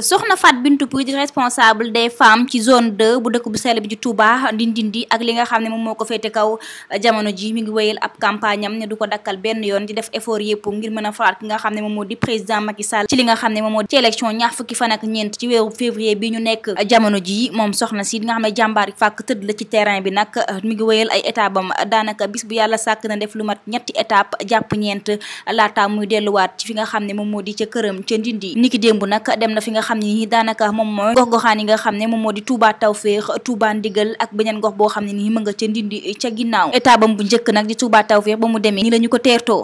soxna Fat Bintou Pouye di responsable des femmes ci zone 2 bu dëkk bu sell bi ci Touba di Ndindi ak li nga xam ne moom moo ko féete kaw eh, jamono ji mi ngi wéyal ab campagne am ne du ko dakkal benn yoon di def effort yëpp ngir mën a falaat nga xam ne moom moo di président Macky Sall ci li nga xam ne moom moo di ci élection ñaar fukki fan ak ñeent ci weeru février bi ñu nekk eh, jamono ji moom soxna si nga xam ne jàmbaar fàkk tëdd la ci terrain bi nag eh, mi ngi wéyal ay étape daanaka bis bu yàlla sàkk na def lu mat ñetti étape jàpp ñeent laata muy delluwaat ci fi nga xam ne moo di ca këram ca Ndindi niki démb nag dem na xam ne nii daanaka moom mooy gox goxaan yi nga xam ne moom moo di Touba Tawféex Touba Ndigal ak beneen gox boo xam ne nii mën nga ca ndindi ca ginnaaw état bam bu njëkk nag di taw Tawféex ba mu demee nii la ñu ko teertoo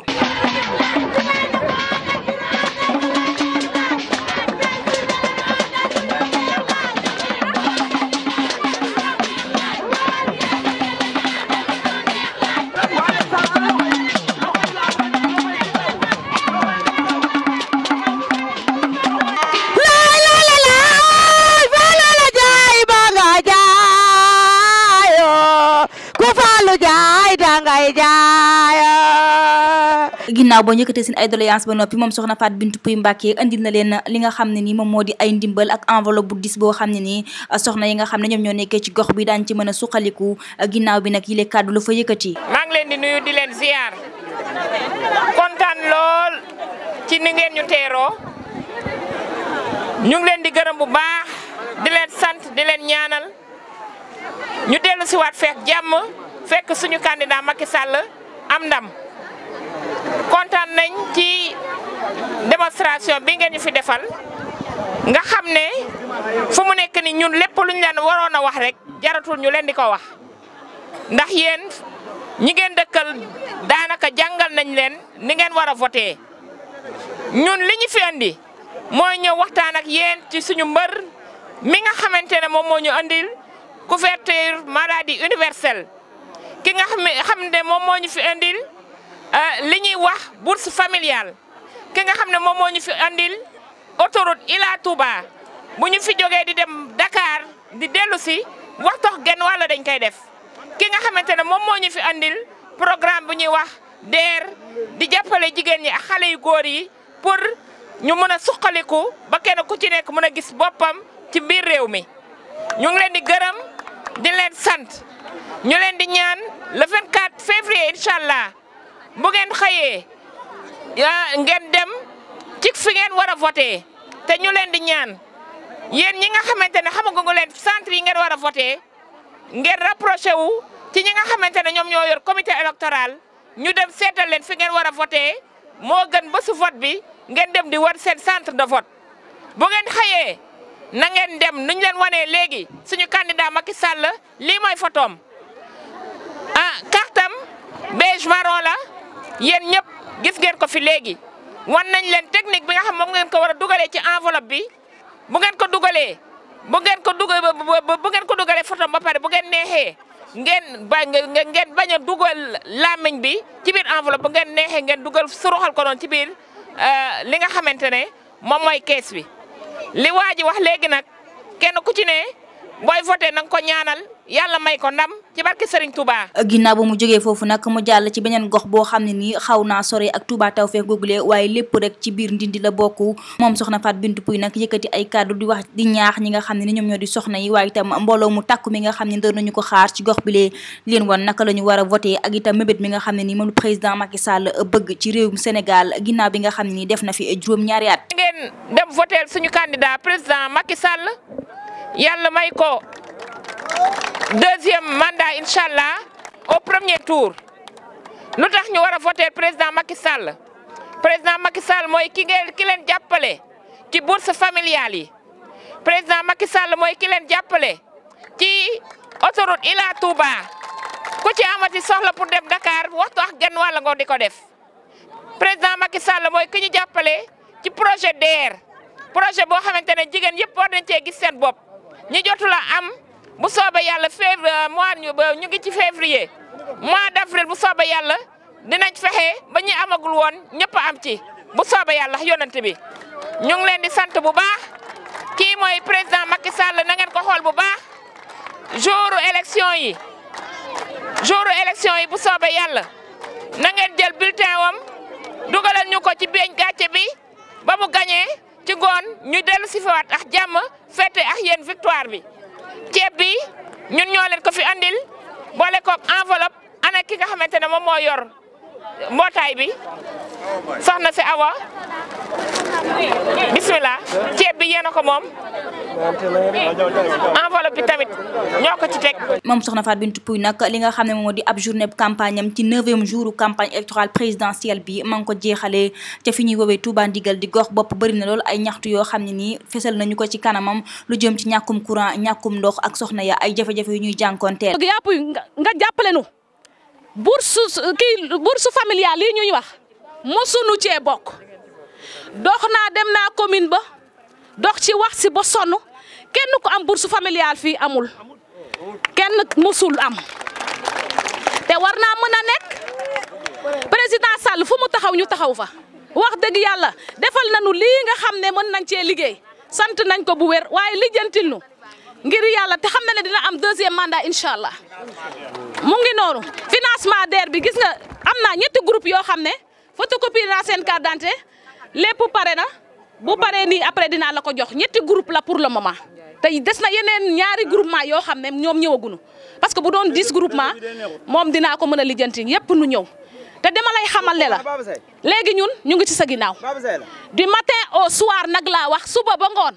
lu jaay dangay jaay ah. ginnaaw boo njëkkatee seen ay doléance ba noppi moom soxna Fatou Bintou Pouye Mbacké andil na leen li nga xam ne ni moom moo di ay ndimbal ak enveloppe bu dis boo xam ne nii ah, soxna yi nga xam ne ñoom ñoo nekkee ci gox bi daan ci mën a suqaliku ah, ginnaaw bi nag yi lee kàddu la fa yëkkati maa ngi leen di nuyu di leen ziar kontaan lool ci ni ñu teeroo ñu leen di gërëm bu baax di leen sant di leen ñaanal ñu dellu si waat fekk jàmm fekk suñu candidat Macky Sall am ndam kontaan nañ ci démonstration bi ngeen ñu fi defal nga xam ne fu mu nekk ni ñun lépp luñ leen waroon a wax rek jaratul ñu leen di ko wax ndax yéen ñi ngeen dëkkal daanaka jàngal nañ leen ni ngeen war a voté ñun li ñu fi andi mooy ñëw waxtaan ak yéen ci suñu mbër mi nga xamante ne moom moo ñu andil couverture maladie universel ki nga xam ne moom moo ñu fi indil euh, li ñuy wax bourse familiale ki nga xam ne moom moo ñu fi indil autoroute Ila Touba bu ñu fi jógee di dem Dakar di dellu si waxtox genn walla dañ koy def ki nga xamante ne moom moo ñu fi andil programme bu ñuy wax DER di jàppale jigéen ñi ak xale yu góor yi pour ñu mën a suqaliku ba kenn ku ci nekk mën a gis boppam ci biir réew mi ñu ngi leen di gërëm di leen sant. ñu leen di ñaan le 24 février incha allah bu ngeen xëyee ngeen dem ci fi ngeen war a voté te ñu leen di ñaan yéen ñi nga xamante ne xamagu nga leen centre yi ngeen war a voté ngeen rapproché wu ci ñi nga xamante ne ñoom ñoo yor comité électoral ñu dem seetal leen fi ngeen war a voté moo gën ba su vote bi ngeen dem di war seen centre de vote bu ngeen xëyee na ngeen dem nuñ leen wanee léegi suñu candidat Macky Sall lii mooy fotoom beige marron la yéen ñëpp gis ngeen ko fi léegi wan nañ leen technique bi nga xam moom ngeen ko war a dugalee ci enveloppe bi bu ngeen ko dugalee bu ngeen ko dugal bu ngeen ko dugalee photo ba pare bu ngeen neexee ngeen ba ngeen bañ a dugal làmmiñ bi ci biir enveloppe bu ngeen neexee ngeen dugal suruxal ko noonu ci biir euh, li nga xamante ne moom mooy kees bi li waa ji wax léegi nag kenn ku ci ne. booy voté na nga ko ñaanal yàlla may ko ndam ci barke Serigne Touba. ginnaaw ba mu jógee foofu nag mu jàll ci beneen gox boo xam ne nii xaw naa sore ak Touba Tawfekh googulee waaye lépp rek ci biir ndindi la bokk moom soxna Fatou Bintou Pouye nag yëkkati ay kàddu di wax di ñaax ñi nga xam ne ni ñoom ñoo di soxna yi waaye itam mbooloo mu tàkku mi nga xam ne doon nañu ko xaar ci gox bi lee leen wan naka la ñu war a voté ak itam mébét mi nga xam ne nii moom président Macky Sall bëgg ci réewum Sénégal ginnaaw bi nga xam ne def na fi juróom ñaari at ngeen yàlla may ko deuxième mandat incha allah au premier tour lu tax ñu war a voter président Macky Sall président Macky Sall mooy ki ngeen ki leen jàppale ci bourse familiale yi président Macky Sall mooy ki leen jàppale ci autoroute Ila Touba ku ci amati soxla pour dem Dakar waxtu ak genn wàll ngoo di ko def président Macky Sall mooy ki ñu jàppale ci projet DER projet boo xamante ne jigéen yëpp war nañ cee gis seen bopp. ñi jotula am bu sooba yàlla fév euh, mois ñu ngi ci février mois d'avril bu soobee yàlla dinañ fexe ba ñu amagul woon ñëpp am ci bu soobee yàlla yonante bi ñu ngi leen di sant bu baax kii mooy président Macky Sall na ngeen ko xool bu baax jouru élection yi jouru élection yi bu soobee yàlla na ngeen jël bulletin wam dugalal ñu ko ci biñ gàcce bi ba mu gañee ci goon ñu dellu si fawaat ak fête ak yéen victoire bi ceeb bi ñun ñoo leen ko fi andil boole ko enveloppe ana ki nga xamante ne moom moo yor mbootaay bi soxna si Awa bismillah ceeb bi yéen a ko moom. enveloppe bi tamit ñoo ko ci teg. moom soxna Fatou Binetou Pouye nag li nga xam ne moo di ab journée campagne am ci neuvième jour campagne électorale présidentielle bi ma ngi ko jeexalee ca fi ñuy woowee Touba Ndigal di gox bopp bëri na lool ay ñaxtu yoo xam ne fesal nañu ko ci kanamam lu jëm ci ñàkkum courant ñàkkum ndox ak soxna ya ay jafe-jafe yu ñuy jànkoonteel. yàpp nga jàppale nu bourse kii bourse familiale lii ñuy wax mosuñu cee bokk dox naa dem naa commune ba dox ba sonn. kenn ku am bourse familiale fii amul kenn musul am te war naa mën a nekk président Sall fu mu taxaw ñu taxaw fa wax dëgg yàlla defal nañu lii nga xam ne mën nañ cee liggéey sant nañ ko bu wér waaye lijjantil nu ngir yàlla te xam na ne dina am deuxième mandat incha allah mu ngi noonu financement DER bi gis nga am naa ñetti groupe yoo xam ne photocopie naa seen carte d'identité lépp pare na bu paree nii après dinaa la ko jox ñetti groupe la pour le moment te des na yeneen ñaari groupement yoo xam ne ñoom ñëwaguñu parce que bu doon dix groupement moom dinaa ko mën a lijjanti yëpp nu ñëw te dama lay xamal ne la léegi ñun ñu ngi ci sa ginnaaw du matin au soir nag laa wax suba ba ngoon.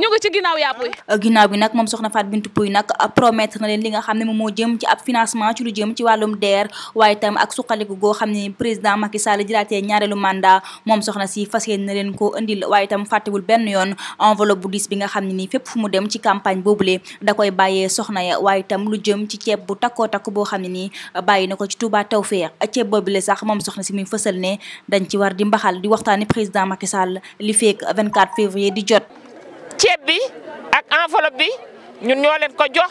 ñu ngi ci ginnaaw yàpp yi ah, ginnaaw bi nag moom soxna Fatou Bintou Pouye nag promettre na leen li nga xam ne moom moo jëm ci ab financement ci lu jëm ci wàllum DER waaye tam ak suqaliku goo xam ne président Macky Sall jëlaatee ñaareelu mandat moom soxna si fas yéene na leen koo indil waaye tam fàttewul benn yoon enveloppe bu diis bi nga xam ne nii fépp fu mu dem ci campagne boobule da koy bàyyee soxna ya waaye tam lu jëm ci ceeb bu takkoo takk boo xam ne nii bàyyi na ko ci Touba Tawfeex ceeb le sax moom soxna si muy fësal ne dañ ci war di mbaxal di waxtaani président Macky Sall li feek 24 février di jot ceeb bi ak enveloppe bi ñun ñoo leen ko jox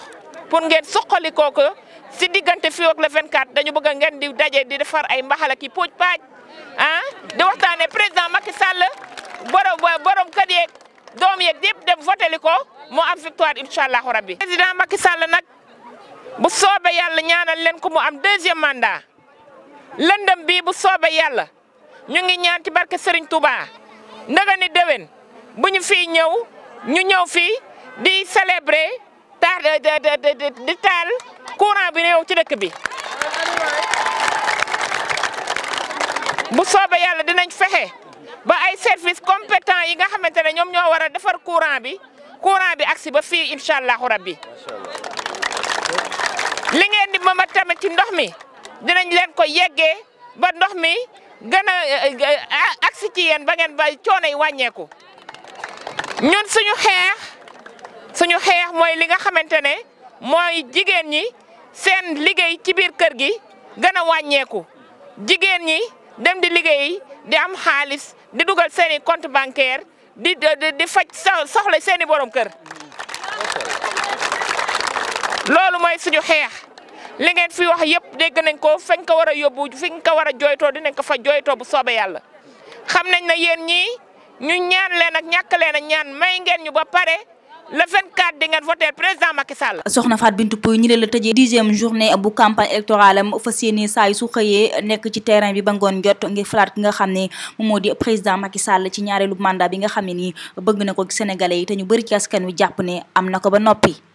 pour ngeen soqali kooku si diggante fii ak le 24 dañu bëgg ngeen di dajee di defar ay mbaxalaki ak i paaj ah di waxtaanee président Macky Sall borom borom kër yeeg doom yeeg yëpp dem voteli ko moo am victoire incha allahu rabbi président Macky Sall nag bu soobee yàlla ñaanal leen ko mu am deuxième mandat lëndëm bii bu soobee yàlla ñu ngi ñaan ci barke Serigne Touba ndaga ni déwén bu ñu fi ñëw. ñu ñëw fii di célébrer taal di taal courant bi ñëw ci dëkk bi bu soobee yàlla dinañ fexe ba ay service compétent yi nga xamante ne ñoom ñoo war a defar courant bi courant bi agsi ba fi incha allahu rabbi li ngeen di mama tamit ci ndox mi dinañ leen ko yeggee ba ndox mi gën a eh, eh, eh, agsi ci yéen ba ngeen ba coono yi wàññeeku ñun suñu xeex suñu xeex mooy li nga xamante ne mooy jigéen ñi seen liggéey ci biir kër gi gën a wàññeeku jigéen ñi dem di liggéey di am xaalis di dugal seen i compte bancaire di di faj soxla seen i borom kër loolu mooy suñu xeex li ngeen fi wax yëpp dégg nañ ko fañ ko war a yóbbu fiñ ko war a jooytoo dinañ ko fa jooytoo bu soobee yàlla xam nañ na yéen ñii ñu ñaan leen ak ñàkk leen a ñaan may ngeen ñu ba pare le 24 di ngeen voté président Macky Sall. soxna Fatou Bintou Pouye ñu ne la tëjee dixième journée bu campagne électorale am fas yéene saa su xëyee nekk ci terrain bi ba ngoon jot ngi falaat ki nga xam ne moom moo di président Macky Sall ci ñaareelu mandat bi nga xam ne nii bëgg na ko Sénégalais yi te ñu bëri ci askan wi jàpp ne am na ko ba noppi.